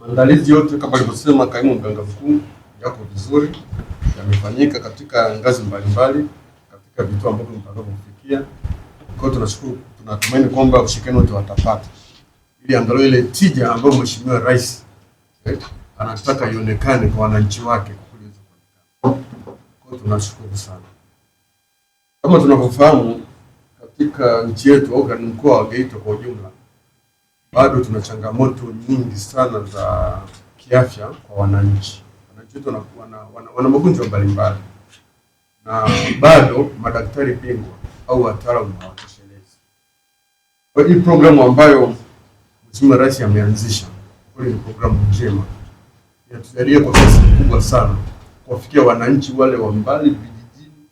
Maandalizi yote kama alivyosema kaimu mganga mkuu yako vizuri, yamefanyika katika ngazi mbalimbali katika vituo ambavyo mtakapo kufikia. Kwa hiyo tunashukuru, tunatumaini kwamba ushirikiano wote watapata ili angalau ile tija ambayo Mheshimiwa Rais eh, anataka ionekane kwa wananchi wake. Kwa tunashukuru sana. Kama tunavyofahamu katika nchi yetu au mkoa wa Geita kwa ujumla bado tuna changamoto nyingi sana za kiafya kwa wananchi. Wananchi wetu wana, na wana, wana magonjwa mbalimbali na bado madaktari bingwa au wataalamu hawatoshelezi. Kwa hii programu ambayo Mheshimiwa Rais ameanzisha kweli ni programu njema, inatujalia kwa kiasi kikubwa sana kuwafikia wananchi wale wa mbali vijijini,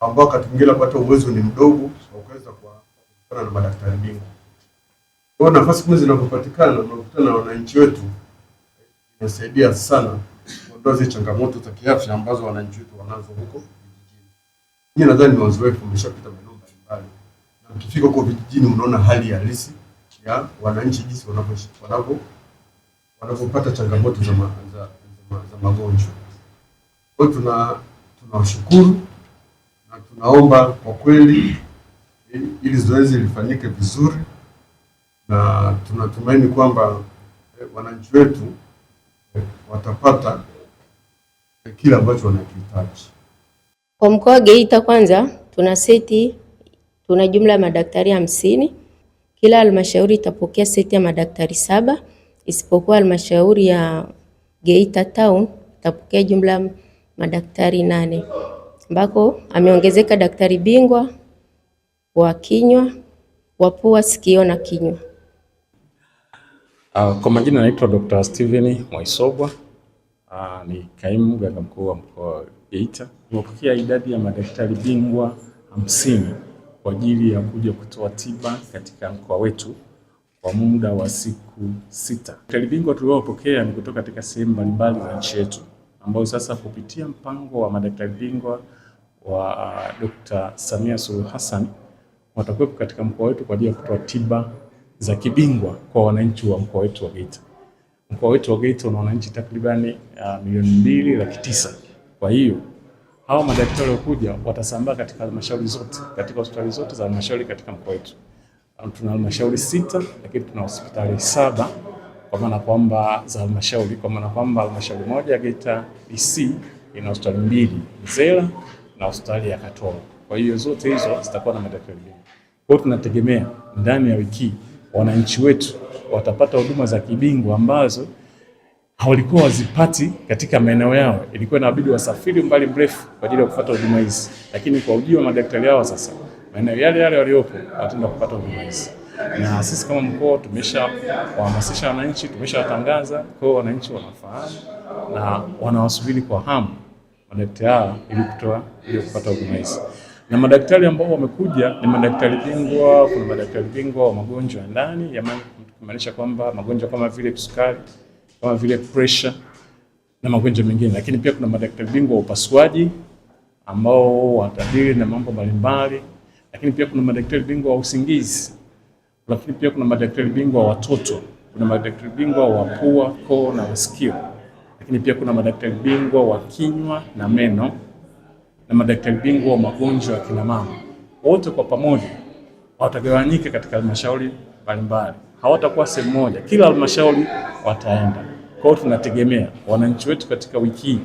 ambao wakati mwingine hata uwezo ni mdogo, wakaweza kuwasiliana na madaktari bingwa. Kwa nafasi kubwa zinapopatikana mnakutana na wananchi wetu, inasaidia sana kuondoa zile changamoto za kiafya ambazo wananchi wetu wanazo huko vijijini. Mimi nadhani ni wazoefu, mmeshapita maeneo mbalimbali, na mkifika huko vijijini unaona hali halisi ya wananchi jinsi wanavyoishi, wanavyo wanapopata changamoto za, ma, za, za, za magonjwa. Kwa tuna tunawashukuru na tunaomba kwa kweli ili zoezi lifanyike vizuri na tunatumaini kwamba eh, wananchi wetu eh, watapata kile kila ambacho wanakihitaji. Kwa mkoa wa Geita kwanza, tuna seti, tuna jumla ya madaktari hamsini. Kila halmashauri itapokea seti ya madaktari saba isipokuwa halmashauri ya Geita Town itapokea jumla madaktari nane ambako ameongezeka daktari bingwa wa kinywa, wa pua, sikio na kinywa. Uh, kwa majina naitwa Dr. Steven Mwaisogwa. Uh, ni kaimu mganga mkuu wa mkoa wa Geita. Tumepokea idadi ya madaktari bingwa hamsini kwa ajili ya kuja kutoa tiba katika mkoa wetu kwa muda wa siku sita. Madaktari bingwa tuliopokea ni kutoka katika sehemu mbalimbali za nchi yetu ambayo sasa kupitia mpango wa madaktari bingwa wa uh, Dr. Samia Suluhu Hassan watakuwepo katika mkoa wetu kwa ajili ya kutoa tiba za kibingwa kwa wananchi wa mkoa wetu wa Geita. Mkoa wetu wa Geita una wananchi takribani uh, milioni mbili laki tisa. Kwa hiyo hawa madaktari wakuja watasambaa katika halmashauri zote, katika hospitali zote za halmashauri katika mkoa wetu. Um, tuna halmashauri sita, lakini tuna hospitali saba kwa maana kwamba za halmashauri, kwa maana kwamba halmashauri moja ya Geita DC ina hospitali mbili Zela na hospitali ya Katoro. Kwa hiyo zote hizo zitakuwa na madaktari Kwa hiyo tunategemea ndani ya wiki wananchi wetu watapata huduma za kibingwa ambazo hawalikuwa wazipati katika maeneo yao. Ilikuwa inabidi wasafiri umbali mrefu kwa ajili ya kupata huduma hizi, lakini kwa ujio wa madaktari hao sasa maeneo yale yale waliopo wataenda kupata huduma hizi, na sisi kama mkoa tumeshawahamasisha wananchi, tumeshawatangaza kwa wananchi wanafahamu na wanawasubiri kwa hamu madaktari hao ili kutoa ili kupata huduma hizi na madaktari ambao wamekuja ni madaktari bingwa. Kuna madaktari bingwa wa magonjwa ya ndani, kumaanisha kwamba magonjwa kama vile kisukari, kama vile pressure na magonjwa mengine, lakini pia kuna madaktari bingwa wa upasuaji ambao watadili na mambo mbalimbali, lakini pia kuna madaktari bingwa wa usingizi, lakini pia kuna madaktari bingwa wa watoto, kuna madaktari bingwa wa pua, koo na masikio, lakini pia kuna madaktari bingwa wa kinywa na meno na madaktari bingwa wa magonjwa ya kina mama wote kwa pamoja watagawanyika katika halmashauri mbalimbali, hawatakuwa sehemu moja, kila halmashauri wataenda. Kwa hiyo tunategemea wananchi wetu katika wiki hii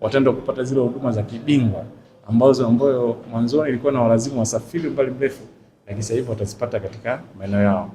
wataenda kupata zile huduma za kibingwa ambazo ambayo mwanzoni ilikuwa na walazimu wasafiri mbali mrefu, lakini sasa hivi watazipata katika maeneo yao.